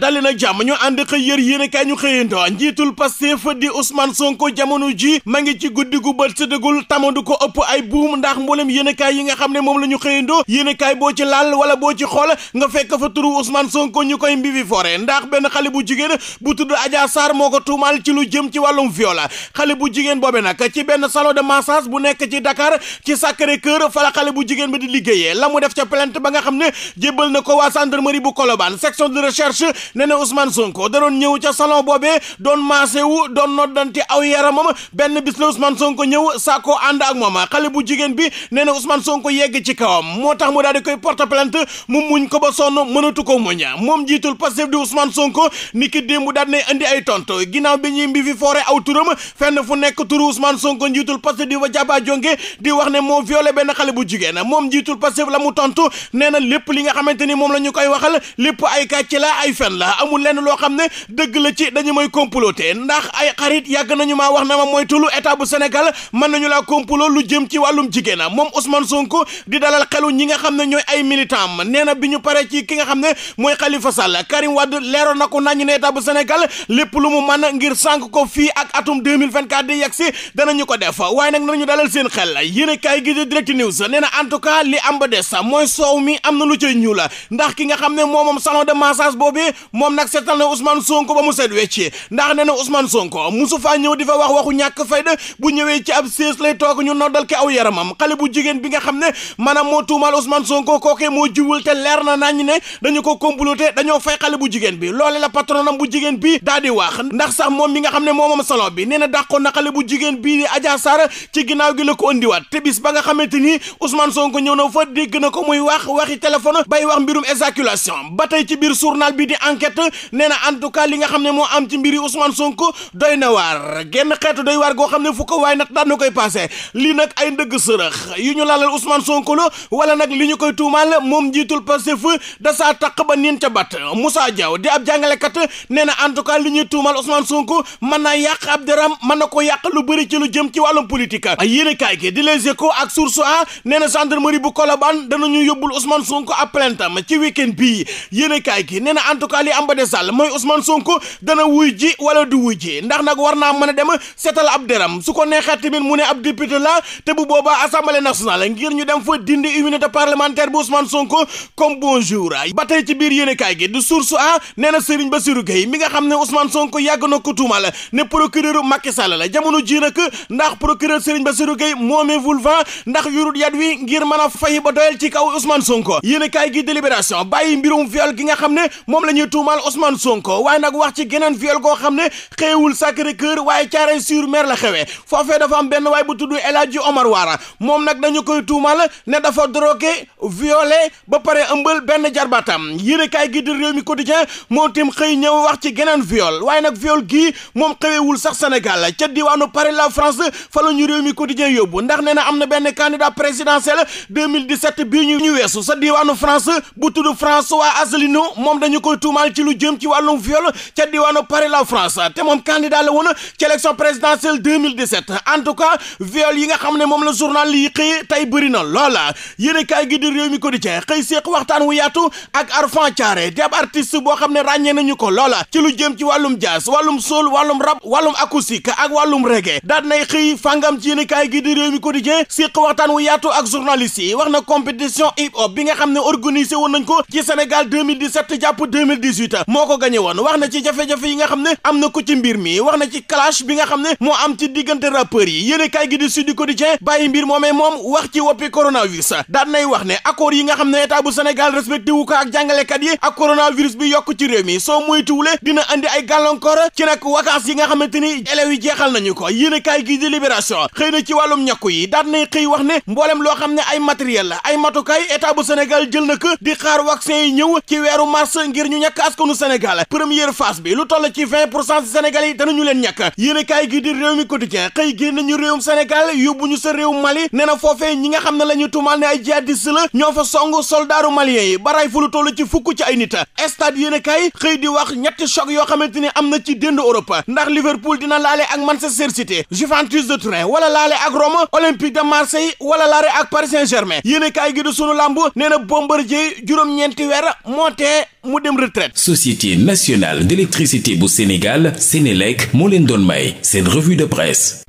dali nag jàmm ñu ànd xëy yër yéen kaay ñu xëyandoo njiitul Pastef di Ousmane Sonko jamono ji ma ngi ci guddi gu bët sëddëgul tamandu ko ëpp ay buum ndax mboolem yéen yi nga xam ne moom la ñu xëyandoo yéen boo ci laal wala boo ci xool nga fekk fa turu Ousmane Sonko ñu koy mbibi fore ndax benn xale bu jigéen bu tudd Adja saar moo ko tuumaal ci lu jëm ci wàllum viola xale bu jigéen boobe nag ci benn salon de massage bu nekk ci Dakar ci Sacré-Cœur fa la xale bu jigéen bi di liggéeyee la mu def ca ba nga xam ne jébbal na ko waa gendarmerie bu Colobane section de recherche nee na Ousmane Sonko da doon ñëw ca salon boobee doon maase wu doon noddante aw yaramam benn bis la Ousmane Sonko ñëw saako ànd ak moom xale bu jigéen bi nee na Ousmane Sonko yegg ci kawam moo tax mu daal di koy porte plainte mu muñ ko ba sonn mënatu ko muñ moom jiitul Pastef di Ousmane Sonko ni ki démb daal di indi ay tontu ginnaaw bi ñuy mbi fi foore aw turam fenn fu nekk turu Ousmane Sonko njiitul Pastef di wa jaba jonge di wax ne moo violé benn xale bu jigéen moom jiitul Pastef la mu tontu nee na lépp li nga xamante ni moom la ñu koy waxal lépp ay kàcc la ay fen la amul lenn loo xam ne dëgg la ci dañu may comploter ndax ay xarit yàgg nañu maa wax na ma mooy tulu état bu Sénégal mën nañu laa complot lu jëm ci wàllum jigéen a moom Ousmane Sonko di dalal xelu ñi nga xam ne ñooy ay militant ma nee na bi ñu paree ci ki nga xam ne mooy xalifa Sall Karim Wade leeroon na ko nañu ne état bu Sénégal lépp lu mu mën ngir sank ko fii ak atum 2024 di yegg si ñu ko def waaye nag nañu dalal seen xel yéen kaay gi di direct news nee en tout cas li am ba des mooy soow mi am na lu cay ndax ki nga xam ne moom moom salon de massage boobee moom nag seetal na Ousmane Sonko ba mu seet wecci ndax nee na Ousmane Sonko musu faa ñëw di fa wax waxu ñàkk fayda bu ñëwee ci ab sées toog ñu noddal ki aw yaramam xale bu jigéen bi nga xam ne maanaam moo tuumaal Ousmane Sonko kookee moo jiwul te leer na nañ ne dañu ko comploté dañoo fay xale bu jigéen bi loole la patronam bu jigéen bi daal di wax ndax sax moom mi nga xam ne moomam salon bi nee na dàqoon na xale bu jigéen bii di Adja ci ginnaaw ba nga xamante ni Ousmane Sonko ñëw na fa na ko muy wax waxi téléphone bay wax mbirum éjaculation ba tey ci biir journal enquête nee na en tout cas li nga xam ne moo am ci mbiri Ousmane Sonko doy na waar genn xeetu doy waar goo xam ne fu ko waaye nag daan na koy passé lii nag ay ndëgg sërëx yu ñu laalal Ousmane Sonko la wala nag li ñu koy tuumaal moom njiitul Pastef da saa taq ba nin ca bat Moussa Diaw di ab jàngalekat nee na en tout cas li ñuy tuumaal Ousmane Sonko mën naa yàq ab deram mën na ko yàq lu bëri ci lu jëm ci wàllum politique yéen kaay gi di Les Échos ak Source A nee na gendarmerie bu Colobane danañu yóbbul Ousmane Sonko ab plainte am ci week-end bii yéen kaay gi nee na en tout cas li am ba de sàll mooy Ousmane Sonko dana wuy ji wala du wuy ji ndax nag war naa mën a dem seetal ab deram su ko neexee tamit mu ne ab député la te bu boobaa assemblée nationale ngir ñu dem fa dindi immunité parlementaire bu Ousmane Sonko comme bonjour ba tey ci biir yéenekaay gi du source a nee na Serigne Bassirou Gueye mi nga xam ne Ousmane Sonko yàgg na ko tuumal ne procureur Macky Sall la jamono ji nag ndax procureur ba Bassirou Gueye moomee vulva ndax yurut yat wi ngir mën a fay ba doyal ci kaw Ousmane Sonko yéenekaay gi délibération bàyyi mbirum viol gi nga xam ne tuumaal Ousmane Sonko waaye nag wax ci geneen viol koo xam ne xeewul Sacré-Cœur waaye caaray sur mer la xewee foofee dafa am benn waaye bu tudd El Omar Waara moom nag dañu koy tuumaal ne dafa drogué violé ba pare ëmbal benn jarbaatam yéene kaay gi di réew mi quotidien moo tim xëy ñëw wax ci geneen viol waaye nag viol gii moom xewewul sax Sénégal ca diwaanu Paris la France fa la ñu réew mi quotidien yóbbu ndax nee na am na benn candidat présidentiel 2017 tuumaal ci lu jëm ci wàllum viol ca diwaanu Paris la France te moom candidat la woon ci élection présidentielle 2017 en ne moom la na loola yéen kaay gi xëy séq waxtaan wu yaatu ak Arfan Thiaré boo xam ne ràññee nañu ko loola ci lu jëm ci wàllum jazz wàllum soul wàllum rap wàllum acoustique ak wàllum reggae daan nay xëy fàngam ci yéen kaay gi di réew mi ko di cee séq waxtaan wu yaatu ak journaliste yi wax na compétition hip hop bi nga xam ne organisé woon nañ ko ci Sénégal 2017 jàpp 2018 moo ko gañe woon wax na ci jafe-jafe yi nga xam ne am na ko ci mbir mi wax na ci clash bi nga xam ne moo am ci diggante rappeurs yi yéene kaay gi di Sud Quotidien mbir moomee moom wax ci woppi coronavirus daan nay wax ne accord yi nga xam ne état bu Sénégal ko ak jàngalekat yi ak coronavirus bi yokk ci réew mi soo moytuwulee dina andi ay gàllankoor ci nag vacances yi nga xamante ni élèves yi jeexal nañu ko yéene kaay gi di Libération xëy ñàkk nu Sénégal première phase bi lu toll ci 20 pour cent si Sénégal yi danañu leen ñàkk yéen a kaay gi di réew mi quotidien xëy génn nañu réewum Sénégal yóbbu ñu sa Mali nee na ñi nga xam ne la ñu tumal ne ay jihadiste la ñoo fa song soldaaru malien yi baray fu lu toll ci fukk ci ay nit stade yéen a kaay di wax ñetti choc yoo xamante ni am na ci dénd Europe ndax Liverpool dina laale ak Manchester City Juventus de Turin wala laale ak Rome Olympique de laale moo tee mu 2024 société nationale d'électricité bu Sénégal Sénélec moo leen doon may seen revue de presse